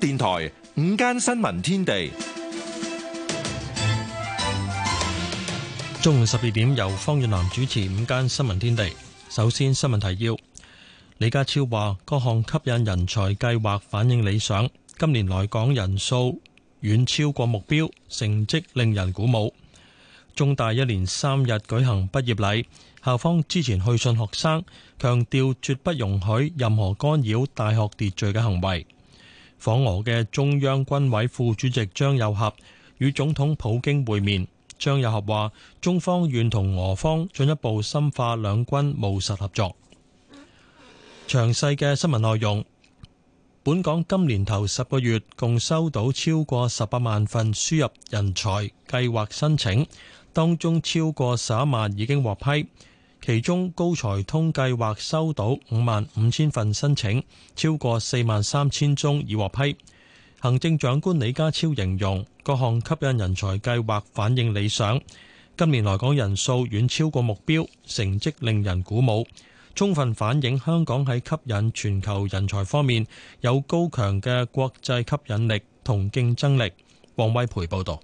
電台午間新聞天地，中午十二點，由方雲南主持午間新聞天地。首先新聞提要。李家超話各項吸引人才計劃反映理想，今年來港人數遠超過目標，成績令人鼓舞。中大一連三日舉行畢業禮，校方之前去信學生，強調絕不容許任何干擾大學秩序嘅行為。訪俄嘅中央軍委副主席張又俠與總統普京會面。張又俠話，中方願同俄方進一步深化兩軍務實合作。詳細嘅新聞內容，本港今年頭十個月共收到超過十八萬份輸入人才計劃申請，當中超過十一萬已經獲批。其中高才通計劃收到五萬五千份申請，超過四萬三千宗已獲批。行政長官李家超形容，各項吸引人才計劃反應理想，今年來港人數遠超過目標，成績令人鼓舞，充分反映香港喺吸引全球人才方面有高強嘅國際吸引力同競爭力。王威培報道。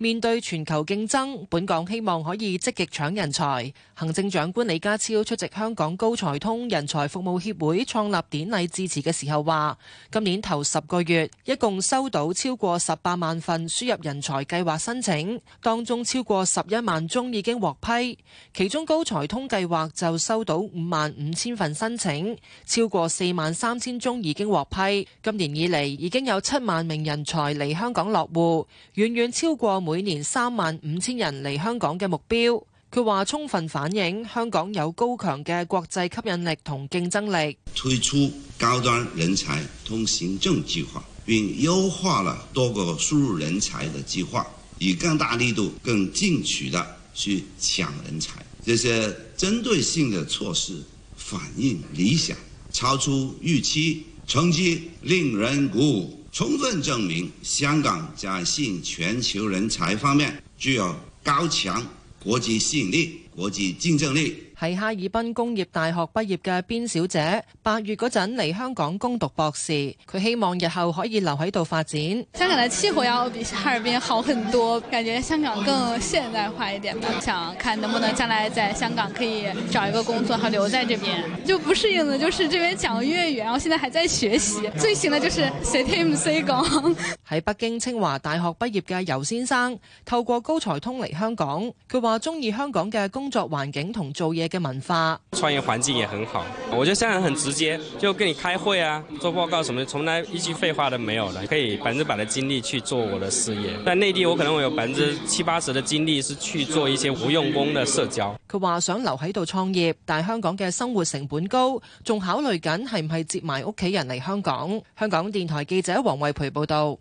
面對全球競爭，本港希望可以積極搶人才。行政長官李家超出席香港高才通人才服務協會創立典禮致辭嘅時候話，今年頭十個月，一共收到超過十八萬份輸入人才計劃申請，當中超過十一萬宗已經獲批。其中高才通計劃就收到五萬五千份申請，超過四萬三千宗已經獲批。今年以嚟已經有七萬名人才嚟香港落戶，遠遠超過。每年三萬五千人嚟香港嘅目標，佢話充分反映香港有高強嘅國際吸引力同競爭力。推出高端人才通行證計劃，並優化了多個輸入人才的計劃，以更大力度、更進取的去搶人才。這些針對性的措施反映理想，超出預期，成績令人鼓舞。充分證明，香港在吸引全球人才方面具有高強國際吸引力、國際競爭力。喺哈爾濱工業大學畢業嘅邊小姐，八月嗰陣嚟香港攻讀博士，佢希望日後可以留喺度發展。香港嘅氣候要比哈爾濱好很多，感覺香港更現代化一點。想看能不能將來在香港可以找一個工作，可以留在這邊。就不適應嘅就是這邊講粵語，然後現在還在學習。最新嘅就是識聽唔識講。喺 北京清華大學畢業嘅游先生，透過高才通嚟香港，佢話中意香港嘅工作環境同做嘢。嘅文化，創業環境也很好。我覺得香港人很直接，就跟你開會啊，做報告什麼，從來一句廢話都沒有的，可以百分之百的精力去做我的事業。但內地，我可能會有百分之七八十的精力是去做一些無用功的社交。佢話想留喺度創業，但香港嘅生活成本高，仲考慮緊係唔係接埋屋企人嚟香港。香港電台記者黃慧培報道。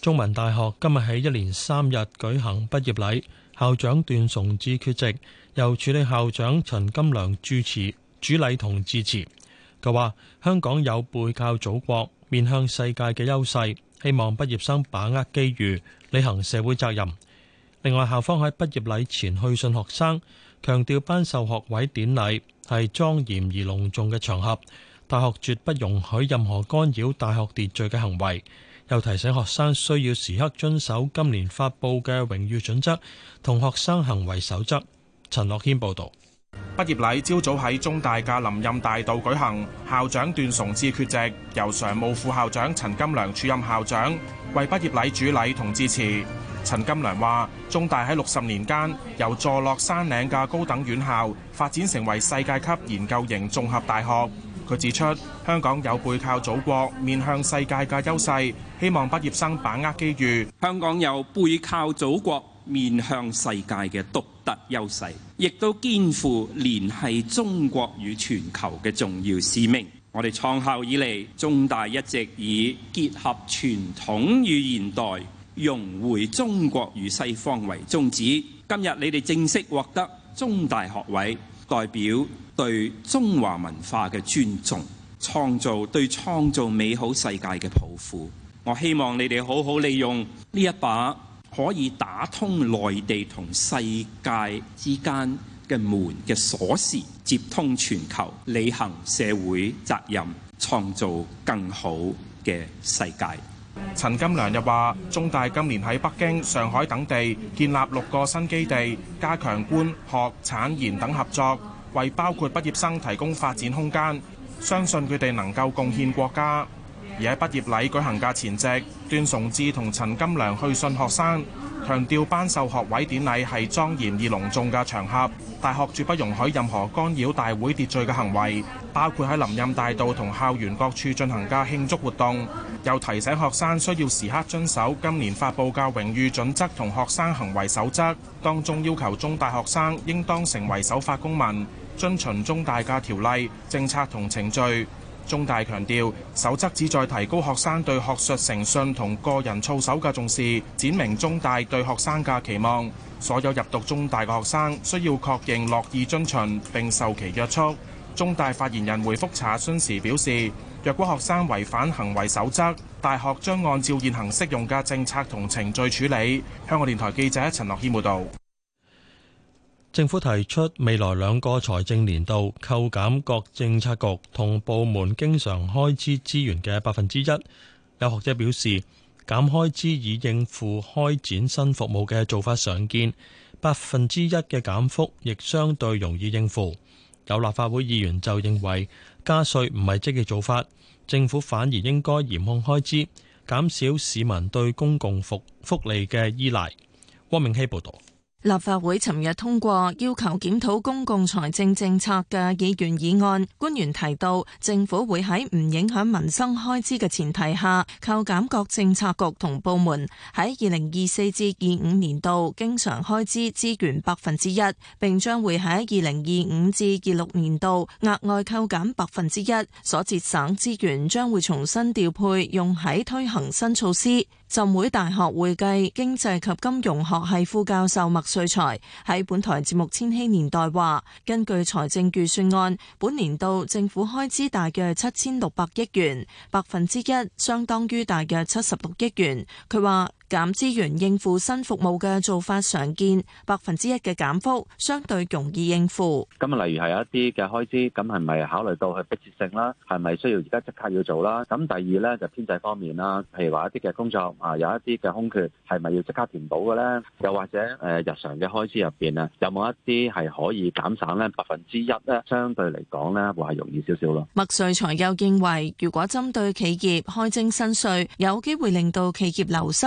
中文大學今日喺一連三日舉行畢業禮，校長段崇智缺席。由署理校長陳金良主持主禮同致辭，佢話香港有背靠祖國、面向世界嘅優勢，希望畢業生把握機遇，履行社會責任。另外，校方喺畢業禮前去信學生，強調頒授學位典禮係莊嚴而隆重嘅場合，大學絕不容許任何干擾大學秩序嘅行為。又提醒學生需要時刻遵守今年發佈嘅榮譽準則同學生行為守則。陳樂謙報道，畢業禮朝早喺中大嘅林蔭大道舉行，校長段崇智缺席，由常務副校長陳金良署任校長為畢業禮主禮同致辭。陳金良話，中大喺六十年間由坐落山嶺嘅高等院校發展成為世界級研究型綜合大學。佢指出，香港有背靠祖國、面向世界嘅優勢，希望畢業生把握機遇。香港有背靠祖國。面向世界嘅獨特優勢亦都肩負聯繫中國與全球嘅重要使命。我哋創校以嚟，中大一直以結合傳統與現代，融匯中國與西方為宗旨。今日你哋正式獲得中大學位，代表對中華文化嘅尊重，創造對創造美好世界嘅抱負。我希望你哋好好利用呢一把。可以打通內地同世界之間嘅門嘅鎖匙，接通全球，履行社會責任，創造更好嘅世界。陳金良又話，中大今年喺北京、上海等地建立六個新基地，加強官學產研等合作，為包括畢業生提供發展空間，相信佢哋能夠貢獻國家。而喺畢業禮舉行嘅前夕，段崇智同陳金良去信學生，強調頒授學位典禮係莊嚴而隆重嘅場合，大學絕不容許任何干擾大會秩序嘅行為，包括喺林蔭大道同校園各處進行嘅慶祝活動。又提醒學生需要時刻遵守今年發布嘅榮譽準則同學生行為守則，當中要求中大學生應當成為守法公民，遵循中大嘅條例、政策同程序。中大強調守則旨在提高學生對學術誠信同個人操守嘅重視，展明中大對學生嘅期望。所有入讀中大嘅學生需要確認樂意遵循並受其約束。中大發言人回覆查詢時表示，若果學生違反行為守則，大學將按照現行適用嘅政策同程序處理。香港電台記者陳樂軒報道。政府提出未來兩個財政年度扣減各政策局同部門經常開支資源嘅百分之一。有學者表示，減開支以應付開展新服務嘅做法常見，百分之一嘅減幅亦相對容易應付。有立法會議員就認為加稅唔係積極做法，政府反而應該嚴控開支，減少市民對公共福福利嘅依賴。汪明熙報導。立法會尋日通過要求檢討公共財政政策嘅議員議案，官員提到政府會喺唔影響民生開支嘅前提下，扣減各政策局同部門喺二零二四至二五年度經常開支資源百分之一，並將會喺二零二五至二六年度額外扣減百分之一，所節省資源將會重新調配用喺推行新措施。浸會大學會計經濟及金融學系副教授麥瑞才喺本台節目《千禧年代》話，根據財政預算案，本年度政府開支大約七千六百億元，百分之一相當於大約七十六億元。佢話。減資源應付新服務嘅做法常見，百分之一嘅減幅相對容易應付。咁啊，例如係有一啲嘅開支，咁係咪考慮到係迫切性啦？係咪需要而家即刻要做啦？咁第二咧就編制方面啦，譬如話一啲嘅工作啊，有一啲嘅空缺係咪要即刻填補嘅咧？又或者誒日常嘅開支入邊咧，有冇一啲係可以減省咧？百分之一咧，相對嚟講咧，會係容易少少咯。麥瑞才又認為，如果針對企業開徵新稅，有機會令到企業流失。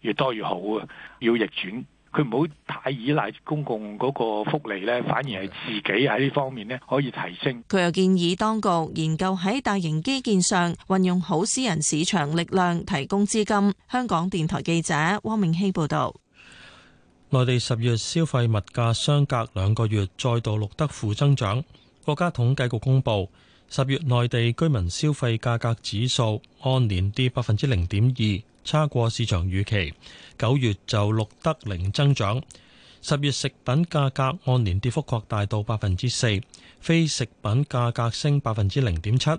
越多越好啊！要逆轉，佢唔好太依賴公共嗰個福利咧，反而係自己喺呢方面咧可以提升。佢又建議當局研究喺大型基建上運用好私人市場力量提供資金。香港電台記者汪明熙報道。內地十月消費物價相隔兩個月再度錄得負增長，國家統計局公布十月內地居民消費價格指數按年跌百分之零點二。差過市場預期，九月就錄得零增長。十月食品價格按年跌幅擴大到百分之四，非食品價格升百分之零點七。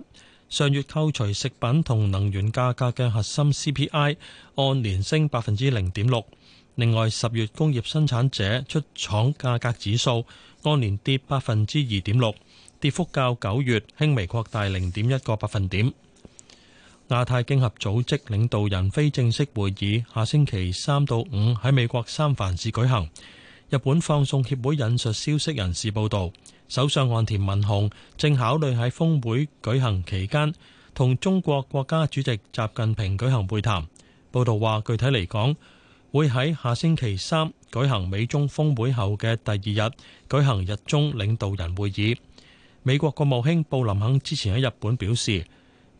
上月扣除食品同能源價格嘅核心 CPI 按年升百分之零點六。另外，十月工業生產者出廠價格指數按年跌百分之二點六，跌幅較九月輕微擴大零點一個百分點。亞太經合組織領導人非正式會議下星期三到五喺美國三藩市舉行。日本放送協會引述消息人士報道，首相岸田文雄正考慮喺峰會舉行期間同中國國家主席習近平舉行會談。報道話，具體嚟講，會喺下星期三舉行美中峰會後嘅第二日舉行日中領導人會議。美國國務卿布林肯之前喺日本表示。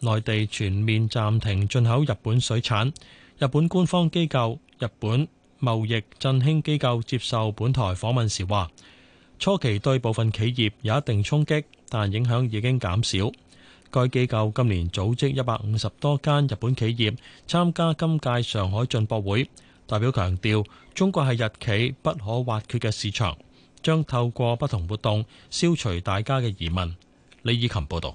內地全面暫停進口日本水產。日本官方機構日本貿易振興機構接受本台訪問時話：初期對部分企業有一定衝擊，但影響已經減少。該機構今年組織一百五十多間日本企業參加今屆上海進博會，代表強調中國係日企不可或缺嘅市場，將透過不同活動消除大家嘅疑問。李以琴報導。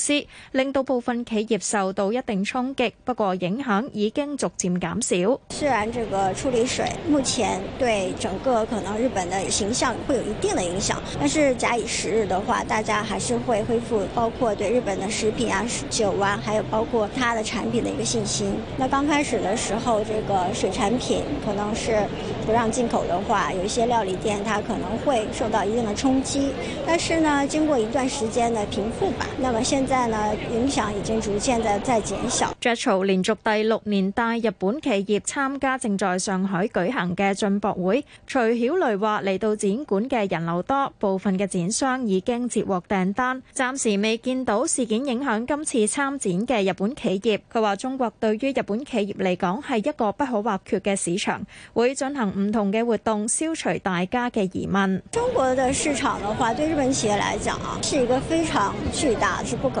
令到部分企業受到一定衝擊，不過影響已經逐漸減少。雖然這個處理水目前對整個可能日本的形象會有一定的影響，但是假以時日的話，大家還是會恢復包括對日本的食品啊、酒啊，還有包括它的產品的一個信心。那剛開始的時候，這個水產品可能是不讓進口的話，有一些料理店它可能會受到一定的衝擊，但是呢，經過一段時間的平復吧，那麼現。現在呢，影響已經逐漸的在減少，JETRO 連續第六年帶日本企業參加正在上海舉行嘅進博會。徐曉雷話嚟到展館嘅人流多，部分嘅展商已經接獲訂單，暫時未見到事件影響今次參展嘅日本企業。佢話中國對於日本企業嚟講係一個不可或缺嘅市場，會進行唔同嘅活動消除大家嘅疑問。中國的市場嘅話，對日本企業嚟講啊，是一個非常巨大，是不可。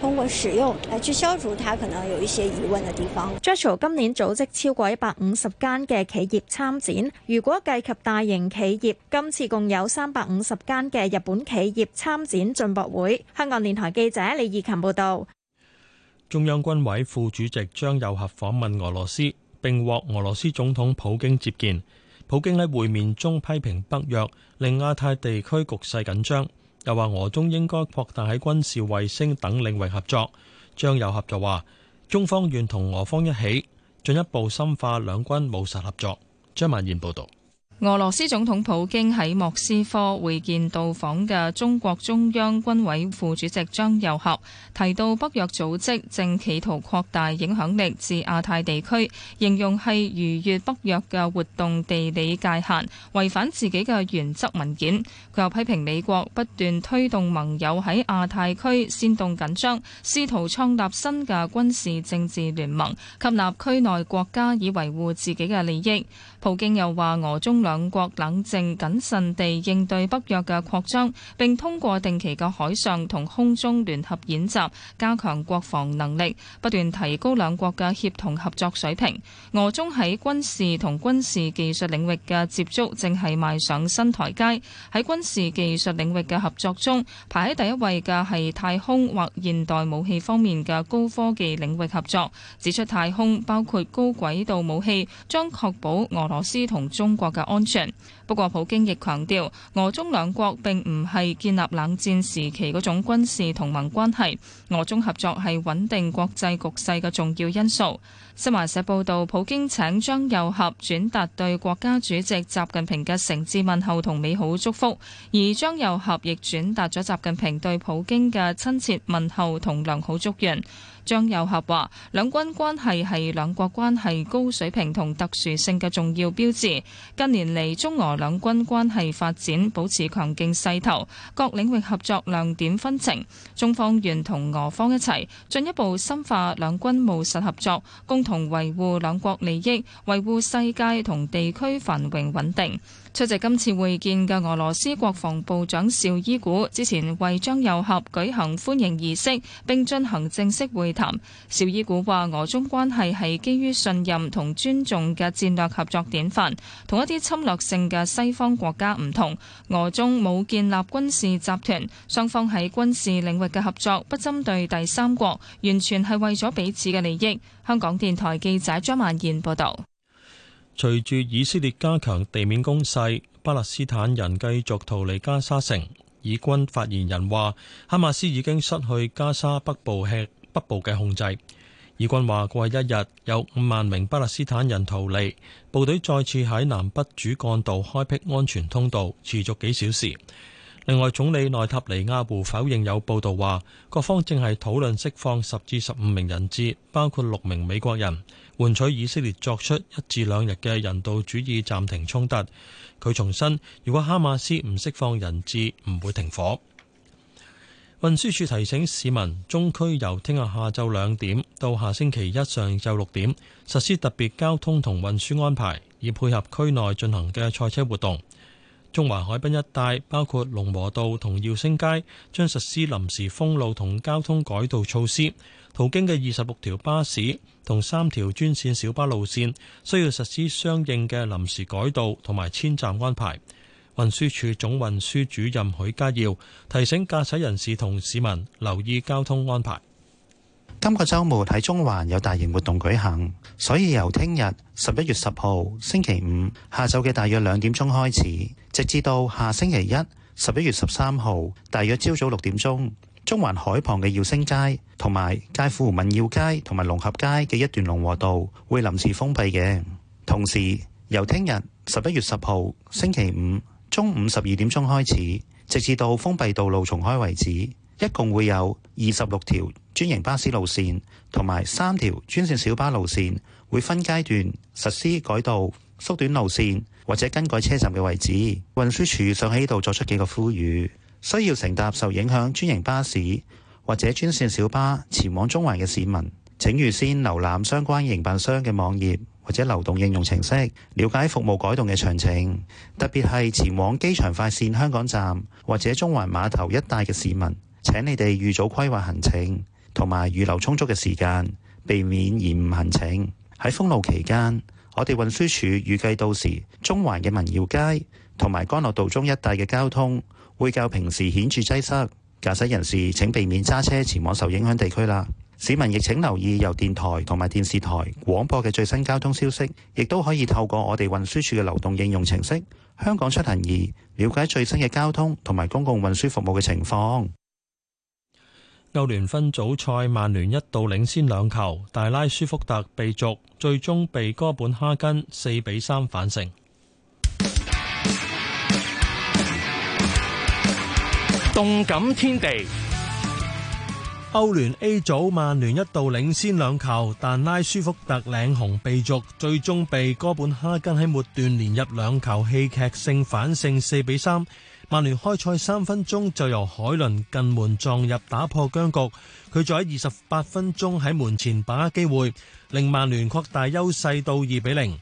通過使用嚟去消除，他可能有一些疑問嘅地方。JETRO 今年組織超過一百五十間嘅企業參展。如果計及大型企業，今次共有三百五十間嘅日本企業參展進博會。香港電台記者李義琴報道。中央軍委副主席張又俠訪問俄羅斯，並獲俄羅斯總統普京接見。普京喺會面中批評北約令亞太地區局勢緊張。又話俄中應該擴大喺軍事衛星等領域合作。張又俠就話：中方願同俄方一起進一步深化兩軍務實合作。張曼燕報導。俄羅斯總統普京喺莫斯科會見到訪嘅中國中央軍委副主席張又俠，提到北約組織正企圖擴大影響力至亞太地區，形容係逾越北約嘅活動地理界限，違反自己嘅原則文件。佢又批評美國不斷推動盟友喺亞太區煽動緊張，試圖創立新嘅軍事政治聯盟，吸納區內國家以維護自己嘅利益。普京又話：俄中兩國冷靜謹慎地應對北約嘅擴張，並通過定期嘅海上同空中聯合演習加強國防能力，不斷提高兩國嘅協同合作水平。俄中喺軍事同軍事技術領域嘅接觸正係邁上新台階。喺軍事技術領域嘅合作中，排喺第一位嘅係太空或現代武器方面嘅高科技領域合作。指出太空包括高軌道武器，將確保俄羅俄羅斯同中國嘅安全，不過普京亦強調，俄中兩國並唔係建立冷戰時期嗰種軍事同盟關係，俄中合作係穩定國際局勢嘅重要因素。新華社報道，普京請張又俠轉達對國家主席習近平嘅誠摯問候同美好祝福，而張又俠亦轉達咗習近平對普京嘅親切問候同良好祝願。張又俠話：兩軍關係係兩國關係高水平同特殊性嘅重要標誌。近年嚟，中俄兩軍關係發展保持強勁勢頭，各領域合作亮點紛呈。中方願同俄方一齊，進一步深化兩軍務實合作，共同維護兩國利益，維護世界同地區繁榮穩定。出席今次會見嘅俄羅斯國防部長邵伊古，之前為張又俠舉行歡迎儀式並進行正式會談。邵伊古話：俄中關係係基於信任同尊重嘅戰略合作典範，同一啲侵略性嘅西方國家唔同。俄中冇建立軍事集團，雙方喺軍事領域嘅合作不針對第三國，完全係為咗彼此嘅利益。香港電台記者張曼燕報道。隨住以色列加強地面攻勢，巴勒斯坦人繼續逃離加沙城。以軍發言人話：哈馬斯已經失去加沙北部吃北部嘅控制。以軍話過去一日有五萬名巴勒斯坦人逃離，部隊再次喺南北主幹道開闢安全通道，持續幾小時。另外，總理內塔尼亞胡否認有報道話各方正係討論釋放十至十五名人質，包括六名美國人。換取以色列作出一至兩日嘅人道主義暫停衝突，佢重申，如果哈馬斯唔釋放人質，唔會停火。運輸署提醒市民，中區由聽日下晝兩點到下星期一上晝六點，實施特別交通同運輸安排，以配合區內進行嘅賽車活動。中環海濱一帶，包括龍和道同耀星街，將實施臨時封路同交通改道措施。途經嘅二十六條巴士同三條專線小巴路線，需要實施相應嘅臨時改道同埋遷站安排。運輸署總運輸主任許家耀提醒駕駛人士同市民留意交通安排。今個周末喺中環有大型活動舉行，所以由聽日十一月十號星期五下晝嘅大約兩點鐘開始，直至到下星期一十一月十三號大約朝早六點鐘，中環海旁嘅耀星街同埋介乎民耀街同埋龍合街嘅一段龍和道會臨時封閉嘅。同時由聽日十一月十號星期五中午十二點鐘開始，直至到封閉道路重開為止，一共會有二十六條。專營巴士路線同埋三條專線小巴路線會分階段實施改道，縮短路線或者更改車站嘅位置。運輸署想喺呢度作出幾個呼籲：需要乘搭受影響專營巴士或者專線小巴前往中環嘅市民，請預先瀏覽相關營辦商嘅網頁或者流動應用程式，了解服務改動嘅詳情。特別係前往機場快線香港站或者中環碼頭一帶嘅市民，請你哋預早規劃行程。同埋預留充足嘅時間，避免延誤行程。喺封路期間，我哋運輸署預計到時，中環嘅民耀街同埋干諾道中一帶嘅交通會較平時顯著擠塞。駕駛人士請避免揸車前往受影響地區啦。市民亦請留意由電台同埋電視台廣播嘅最新交通消息，亦都可以透過我哋運輸署嘅流動應用程式《香港出行易》了解最新嘅交通同埋公共運輸服務嘅情況。歐聯分組賽，曼聯一度領先兩球，但拉舒福特被逐，最終被哥本哈根四比三反勝。動感天地，歐聯 A 組，曼聯一度領先兩球，但拉舒福特領紅被逐，最終被哥本哈根喺末段連入兩球，戲劇性反勝四比三。曼聯開賽三分鐘就由海倫近門撞入打破僵局，佢再喺二十八分鐘喺門前把握機會，令曼聯擴大優勢到二比零。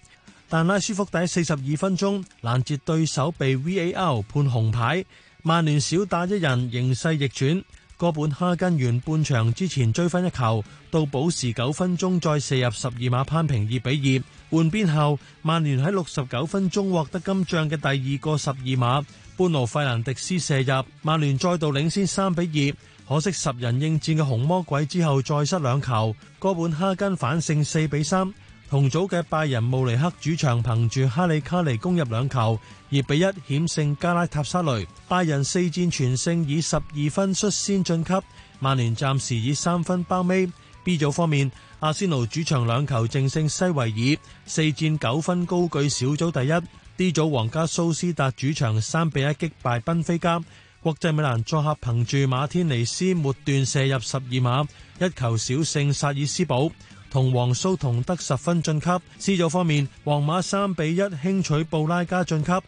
但拉舒福特四十二分鐘攔截對手被 VAL 判紅牌，曼聯少打一人形勢逆轉。哥本哈根完半場之前追分一球，到補時九分鐘再射入十二碼攀平二比二。換邊後，曼聯喺六十九分鐘獲得今場嘅第二個十二碼。半路費蘭迪斯射入，曼聯再度領先三比二。可惜十人應戰嘅紅魔鬼之後再失兩球，哥本哈根反勝四比三。同組嘅拜仁慕尼黑主場憑住哈里卡尼攻入兩球，二比一險勝加拉塔薩雷。拜仁四戰全勝，以十二分率先晉級。曼聯暫時以三分包尾尾。B 組方面，阿仙奴主場兩球淨勝西維爾，四戰九分高居小組第一。D 組皇家蘇斯達主場三比一擊敗賓菲加，國際米蘭作客憑住馬天尼斯末段射入十二碼一球小勝薩爾斯堡，同皇蘇同得十分晉級。C 組方面，皇馬三比一輕取布拉加晉級。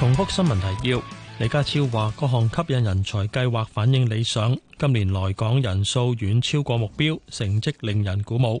重複新聞提要：李家超話各項吸引人才計劃反應理想，今年來港人數遠超過目標，成績令人鼓舞。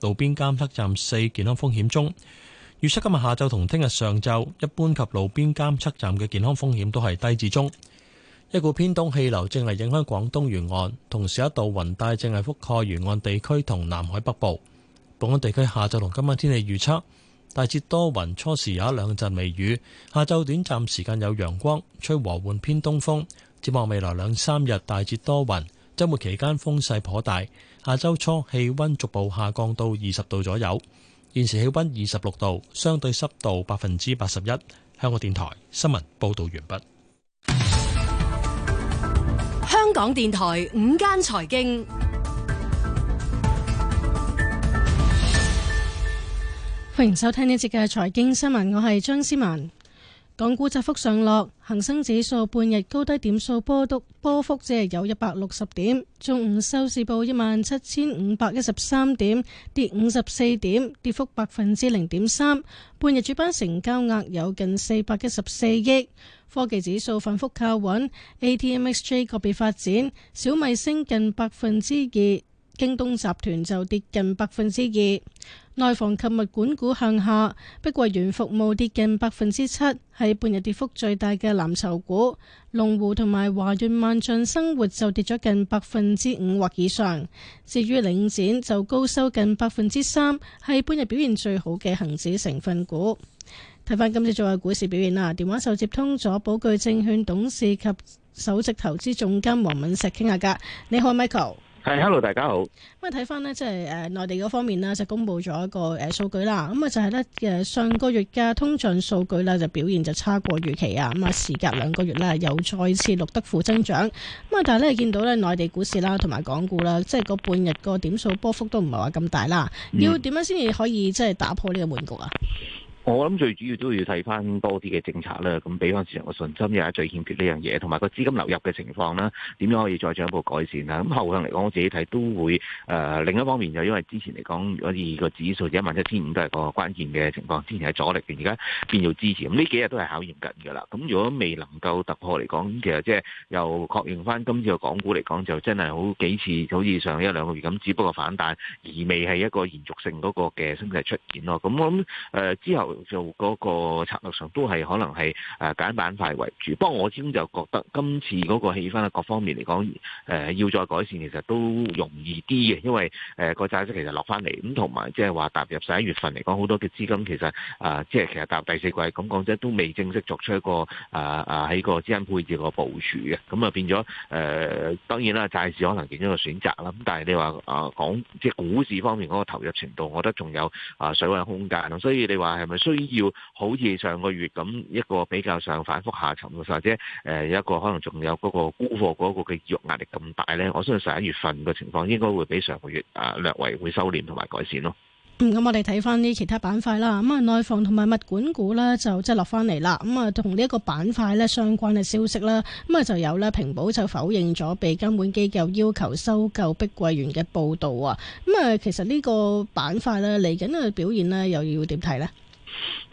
路邊監測站四健康風險中，預測今日下晝同聽日上晝一般及路邊監測站嘅健康風險都係低至中。一股偏東氣流正係影響廣東沿岸，同時一度雲帶正係覆蓋沿岸地區同南海北部。本港地區下晝同今晚天氣預測：大致多雲，初時有一兩陣微雨，下晝短暫時間有陽光，吹和緩偏東風。展望未來兩三日大致多雲，週末期間風勢頗大。下周初氣溫逐步下降到二十度左右，現時氣溫二十六度，相對濕度百分之八十一。香港電台新聞報道完畢。香港電台午間財經，歡迎收聽呢節嘅財經新聞，我係張思文。港股窄幅上落，恒生指數半日高低點數波動波幅只係有一百六十點。中午收市報一萬七千五百一十三點，跌五十四點，跌幅百分之零點三。半日主板成交額有近四百一十四億。科技指數反覆靠穩，A T M X J 個別發展，小米升近百分之二。京東集團就跌近百分之二，內房及物管股向下，碧桂園服務跌近百分之七，係半日跌幅最大嘅藍籌股。龍湖同埋華潤萬象生活就跌咗近百分之五或以上。至於領展就高收近百分之三，係半日表現最好嘅恒指成分股。睇返，今次做嘅股市表現啦，電話就接通咗，寶鉅證券董事及首席投資總監黃敏碩傾下偈。你好，Michael。係，hello，大家好。咁啊，睇翻呢，即係，誒，內地嗰方面咧，就公布咗一個誒數據啦。咁啊，就係呢，誒，上個月嘅通脹數據咧，就表現就差過預期啊。咁啊，時隔兩個月啦，又再次錄得負增長。咁啊，但係咧，見到呢，內地股市啦同埋港股啦，即係個半日個點數波幅都唔係話咁大啦。要點樣先至可以即係打破呢個悶局？啊？我諗最主要都要睇翻多啲嘅政策啦，咁俾翻市場個信心，又係最欠缺呢樣嘢，同埋個資金流入嘅情況啦，點樣可以再進一步改善啦？咁後向嚟講，我自己睇都會誒、呃。另一方面就因為之前嚟講，如果以個指數一萬一千五都係個關鍵嘅情況，之前係阻力，而家變做支持。咁呢幾日都係考驗緊㗎啦。咁如果未能夠突破嚟講，咁其實即係又確認翻今次個港股嚟講，就真係好幾次好似上一兩個月咁，只不過反彈而未係一個延續性嗰個嘅升勢出現咯。咁我諗、呃、之後。就嗰個策略上都係可能係誒揀板塊為主，不過我始終就覺得今次嗰個氣氛啊，各方面嚟講，誒要再改善其實都容易啲嘅，因為誒個債息其實落翻嚟，咁同埋即係話踏入十一月份嚟講，好多嘅資金其實啊，即係其實踏入第四季咁講，即係都未正式作出一個啊啊喺個資金配置個部署嘅，咁啊變咗誒當然啦，債市可能其中一個選擇啦，咁但係你話啊講即係股市方面嗰個投入程度，我覺得仲有啊水位空間，所以你話係咪？需要好似上個月咁一個比較上反覆下沉，或者誒一個可能仲有嗰個沽貨嗰個嘅壓力咁大咧。我相信十一月份嘅情況應該會比上個月誒略為會收斂同埋改善咯、嗯。嗯，咁我哋睇翻啲其他板塊啦。咁啊，內房同埋物管股咧就即係落翻嚟啦。咁啊，同呢一個板塊咧相關嘅消息啦，咁、嗯、啊就有咧，平保就否認咗被監管機構要求收購碧桂園嘅報道啊。咁、嗯、啊，其實呢個板塊咧嚟緊嘅表現咧又要點睇咧？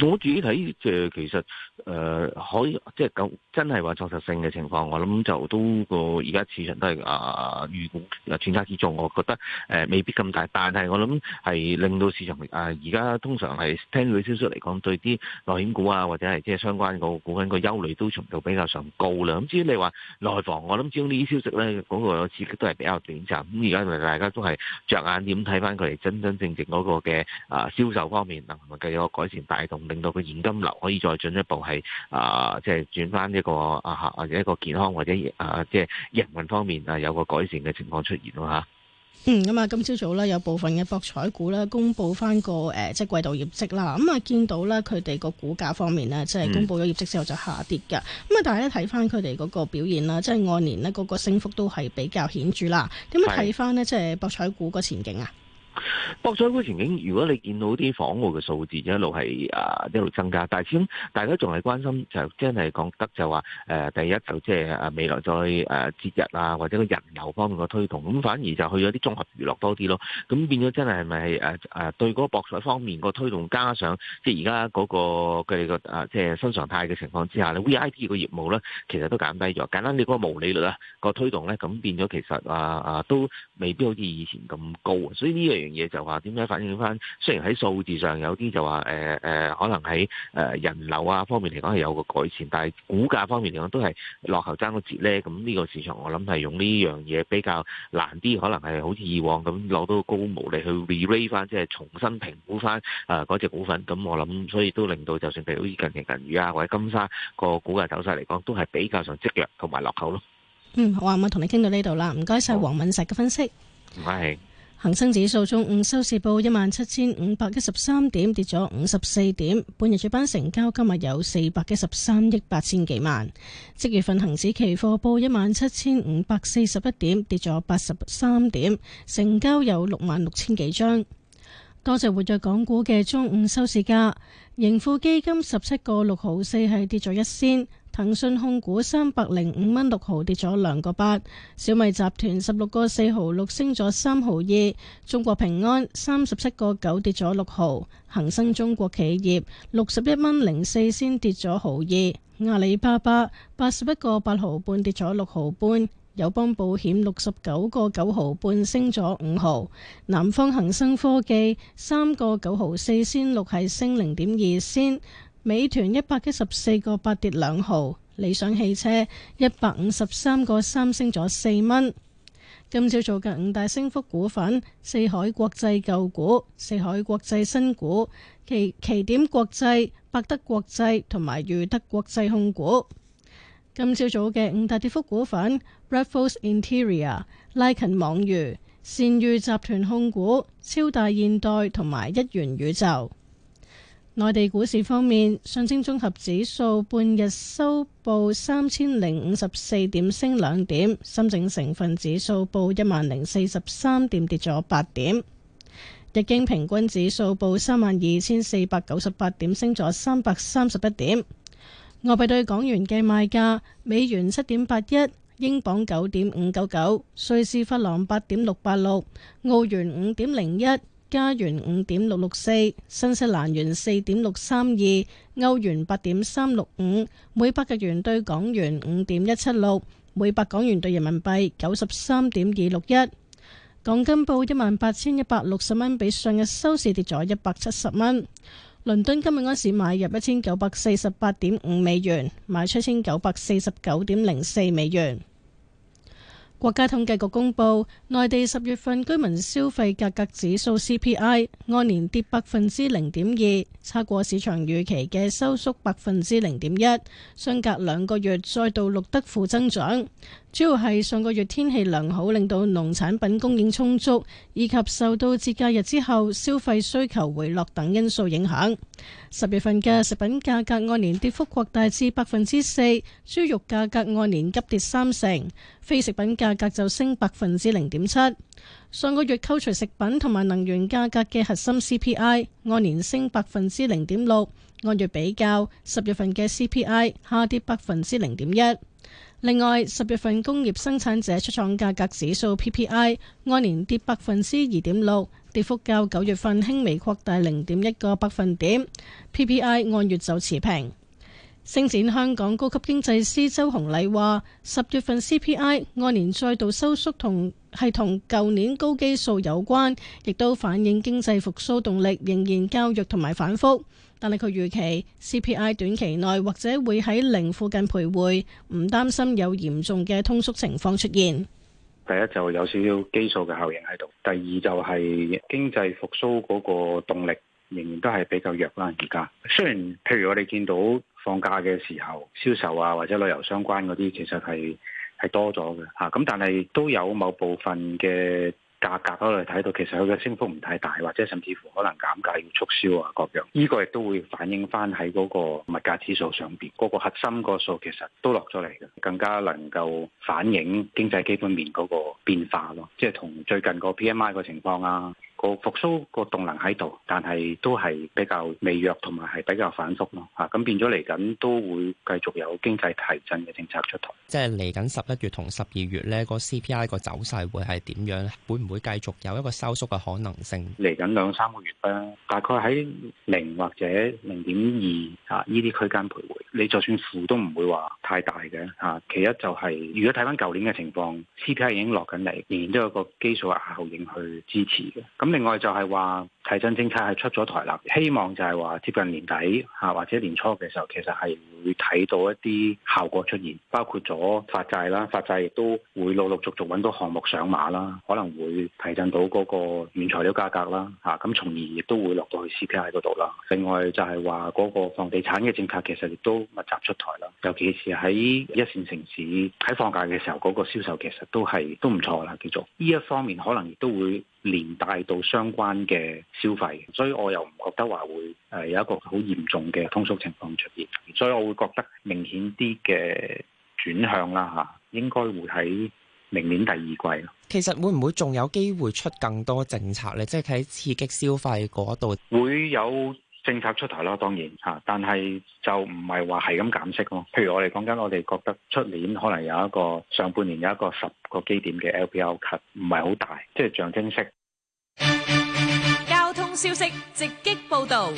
我自己睇，誒其實誒、呃、可以，即係真係話確實性嘅情況，我諗就都個而家市場都係啊、呃、預估啊轉差指數，我覺得、呃、未必咁大，但係我諗係令到市場啊而家通常係聽到啲消息嚟講，對啲內險股啊或者係即係相關個股嗰個憂慮都程度比較上高啦。咁至於你話內房，我諗始終呢啲消息咧嗰、那個刺激都係比較短暫。咁而家大家都係着眼點睇翻佢哋真真正正嗰個嘅啊銷售方面能唔能夠改善帶動？令到佢現金流可以再進一步係、呃就是、啊，即係轉翻一個啊或者一個健康或者啊即係、就是、營運方面啊有個改善嘅情況出現咯嚇。嗯，咁啊，今朝早咧有部分嘅博彩股咧公佈翻個誒即係季度業績啦。咁啊，見到咧佢哋個股價方面咧，即係公佈咗業績之後就下跌㗎。咁啊、嗯，但係睇翻佢哋嗰個表現咧，即係按年咧個個升幅都係比較顯著啦。點樣睇翻呢？即係博彩股個前景啊？博彩嘅前景，如果你見到啲訪澳嘅數字一路係啊一路增加，但係始終大家仲係關心就真係講得就話誒，第一就即係未來再誒節日啊或者個人流方面嘅推動，咁反而就去咗啲綜合娛樂多啲咯。咁變咗真係咪誒誒對嗰個博彩方面個推動，加上即係而家嗰個佢哋個啊即係、就是、新常態嘅情況之下咧，VIP 個業務咧其實都減低咗。簡單你個個毛利率啊個推動咧，咁變咗其實啊啊都未必好似以前咁高，所以呢樣嘢就話點解反映翻？雖然喺數字上有啲就話，誒誒，可能喺誒人流啊方面嚟講係有個改善，但係股價方面嚟講都係落後爭個折咧。咁呢個市場我諗係用呢樣嘢比較難啲，可能係好似以往咁攞到高毛利去 rebase 翻，即係重新評估翻啊嗰隻股份。咁我諗，所以都令到就算譬如好似近期銀娛啊或者金沙個股價走勢嚟講，都係比較上積弱同埋落後咯。嗯，好啊，我同你傾到呢度啦，唔該晒黃敏石嘅分析。係。恒生指數中午收市報一萬七千五百一十三點，跌咗五十四點。半日主板成交今日有四百一十三億八千幾萬。即月份恒指期貨報一萬七千五百四十一點，跌咗八十三點，成交有六萬六千幾張。多隻活躍港股嘅中午收市價，盈富基金十七個六毫四係跌咗一仙。騰訊控股三百零五蚊六毫跌咗兩個八，小米集團十六個四毫六升咗三毫二，中國平安三十七個九跌咗六毫，恒生中國企業六十一蚊零四先跌咗毫二，阿里巴巴八十一個八毫半跌咗六毫半，友邦保險六十九個九毫半升咗五毫，南方恒生科技三個九毫四先六係升零點二先。美團一百一十四個八跌兩毫，理想汽車一百五十三個三升咗四蚊。今朝早嘅五大升幅股份：四海國際舊股、四海國際新股、奇奇點國際、百德國際同埋裕德國際控股。今朝早嘅五大跌幅股份：Raffles Interior、拉近網娛、善譽集團控股、超大現代同埋一元宇宙。內地股市方面，上證綜合指數半日收報三千零五十四點，升兩點；深證成分指數報一萬零四十三點，跌咗八點；日經平均指數報三萬二千四百九十八點，升咗三百三十一點。外幣對港元嘅賣價：美元七點八一，英鎊九點五九九，瑞士法郎八點六八六，澳元五點零一。加元五點六六四，4, 新西蘭元四點六三二，歐元八點三六五，每百日元兌港元五點一七六，每百港元兌人民幣九十三點二六一。港金報一萬八千一百六十蚊，比上日收市跌咗一百七十蚊。倫敦今日開市買入一千九百四十八點五美元，賣出一千九百四十九點零四美元。國家統計局公布，內地十月份居民消費價格指數 CPI 按年跌百分之零點二，差過市場預期嘅收縮百分之零點一，相隔兩個月再度錄得負增長。主要係上個月天氣良好，令到農產品供應充足，以及受到節假日之後消費需求回落等因素影響。十月份嘅食品價格按年跌幅擴大至百分之四，豬肉價格按年急跌三成，非食品價格就升百分之零點七。上個月扣除食品同埋能源價格嘅核心 CPI 按年升百分之零點六，按月比較，十月份嘅 CPI 下跌百分之零點一。另外，十月份工業生產者出廠價格指數 PPI 按年跌百分之二點六，跌幅較九月份輕微擴大零點一個百分點。PPI 按月就持平。星展香港高級經濟師周洪禮話：十月份 CPI 按年再度收縮，同係同舊年高基數有關，亦都反映經濟復甦動力仍然較弱同埋反覆。但係佢預期 CPI 短期內或者會喺零附近徘徊，唔擔心有嚴重嘅通縮情況出現。第一就有少少基數嘅效應喺度，第二就係經濟復甦嗰個動力仍然都係比較弱啦。而家雖然譬如我哋見到放假嘅時候銷售啊、或者旅遊相關嗰啲，其實係係多咗嘅吓，咁，啊，但係都有某部分嘅。價格嗰度睇到，其實佢嘅升幅唔太大，或者甚至乎可能減價要促銷啊，各樣呢個亦都會反映翻喺嗰個物價指數上面，嗰個核心個數其實都落咗嚟嘅，更加能夠反映經濟基本面嗰個變化咯，即係同最近個 PMI 個情況啊。個復甦個動能喺度，但係都係比較微弱，同埋係比較反覆咯吓。咁變咗嚟緊都會繼續有經濟提振嘅政策出台。即係嚟緊十一月同十二月咧，個 CPI 個走勢會係點樣？會唔會繼續有一個收縮嘅可能性？嚟緊兩三個月啦，大概喺零或者零點二呢啲區間徘徊。你就算負都唔會話太大嘅、啊、其一就係、是、如果睇翻舊年嘅情況，CPI 已經落緊嚟，仍然都有個基數效應去支持嘅。另外就係話，提振政策係出咗台啦，希望就係話接近年底或者年初嘅時候，其實係會睇到一啲效果出現，包括咗發債啦，發債亦都會陸陸續續揾到項目上馬啦，可能會提振到嗰個原材料價格啦，咁從而亦都會落到去 CPI 嗰度啦。另外就係話嗰個房地產嘅政策其實亦都密集出台啦，尤其是喺一線城市喺放假嘅時候，嗰個銷售其實都係都唔錯啦，叫做呢一方面可能亦都會連帶到相關嘅。消費，所以我又唔覺得話會誒有一個好嚴重嘅通縮情況出現，所以我會覺得明顯啲嘅轉向啦嚇，應該會喺明年第二季咯。其實會唔會仲有機會出更多政策咧？即係喺刺激消費嗰度會有政策出台咯，當然嚇，但係就唔係話係咁減息咯。譬如我哋講緊，我哋覺得出年可能有一個上半年有一個十個基點嘅 LPR cut，唔係好大，即係象徵式。消息直擊報道，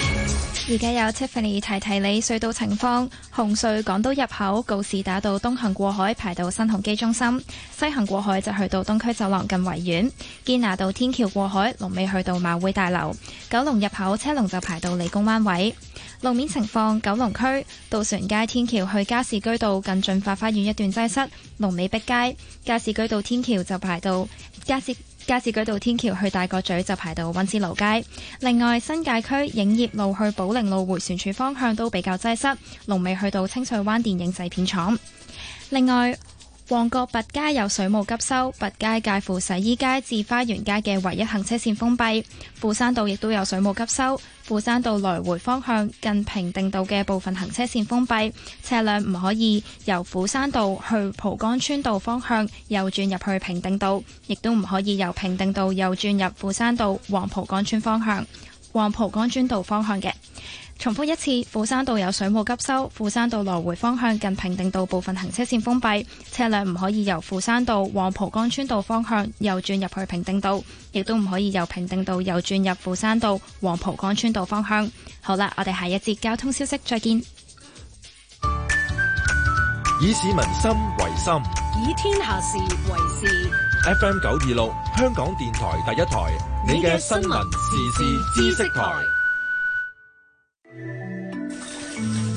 而家有 Tiffany 提提你隧道情況，紅隧港島入口告士打道東行過海排到新鴻基中心，西行過海就去到東區走廊近維園，堅拿道天橋過海龍尾去到馬會大樓，九龍入口車龍就排到理工灣位，路面情況，九龍區渡船街天橋去加士居道近駿發花園一段擠塞，龍尾碧街加士居道天橋就排到加士。加士居道天橋去大角咀就排到温思勞街，另外新界區影業路去寶寧路回旋處方向都比較擠塞，龍尾去到清水灣電影製片廠。另外，旺角拔街有水務急修，拔街介乎洗衣街至花園街嘅唯一行車線封閉。富山道亦都有水務急修，富山道來回方向近平定道嘅部分行車線封閉，車輛唔可以由富山道去蒲崗村道方向，右轉入去平定道，亦都唔可以由平定道右轉入富山道往蒲崗村方向。往蒲崗村道方向嘅。重複一次，富山道有水務急收，富山道來回方向近平定道部分行車線封閉，車輛唔可以由富山道往蒲崗村道方向右轉入去平定道，亦都唔可以由平定道右轉入富山道往蒲崗村道方向。好啦，我哋下一節交通消息再見。以市民心為心，以天下事為事。FM 九二六，26，香港電台第一台，你嘅新聞時事知識台。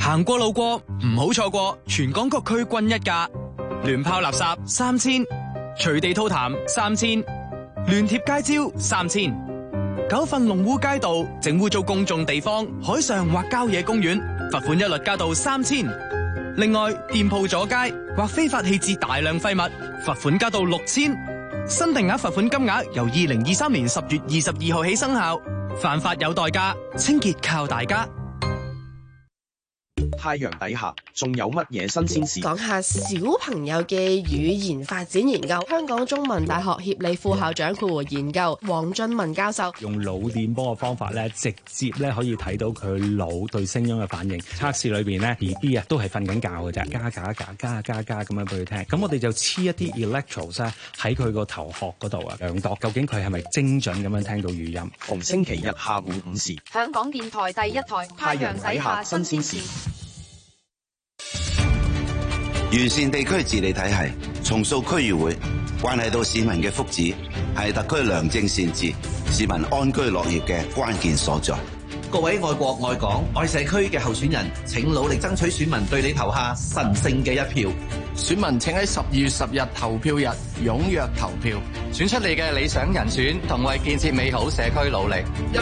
行過路過唔好錯過，全港各區均一價，亂拋垃圾三千，隨地吐痰三千，亂貼街招三千，狗糞弄污街道整污糟公眾地方，海上或郊野公園，罰款一律加到三千。另外，店鋪阻街或非法棄置大量廢物，罰款加到六千。新定額罰款金額由二零二三年十月二十二號起生效。犯法有代價，清潔靠大家。太陽底下仲有乜嘢新鮮事？講下小朋友嘅語言發展研究。香港中文大學協理副校長、括弧研究黃俊文教授用腦電波嘅方法咧，直接咧可以睇到佢腦對聲音嘅反應。測試裏邊咧，BB 啊都係瞓緊覺嘅咋，加加加加加加咁樣俾佢聽。咁我哋就黐一啲 electrodes 喺佢個頭殼嗰度啊，量度究竟佢係咪精準咁樣聽到語音。逢星期一下午五時，香港電台第一台。太陽底下新鮮事。完善地區治理體系，重塑區議會，關係到市民嘅福祉，係特區良政善治、市民安居樂業嘅關鍵所在。各位愛國、愛港、愛社區嘅候選人，請努力爭取選民對你投下神聖嘅一票。選民請喺十二月十日投票日踴躍投票，選出你嘅理想人選，同為建設美好社區努力。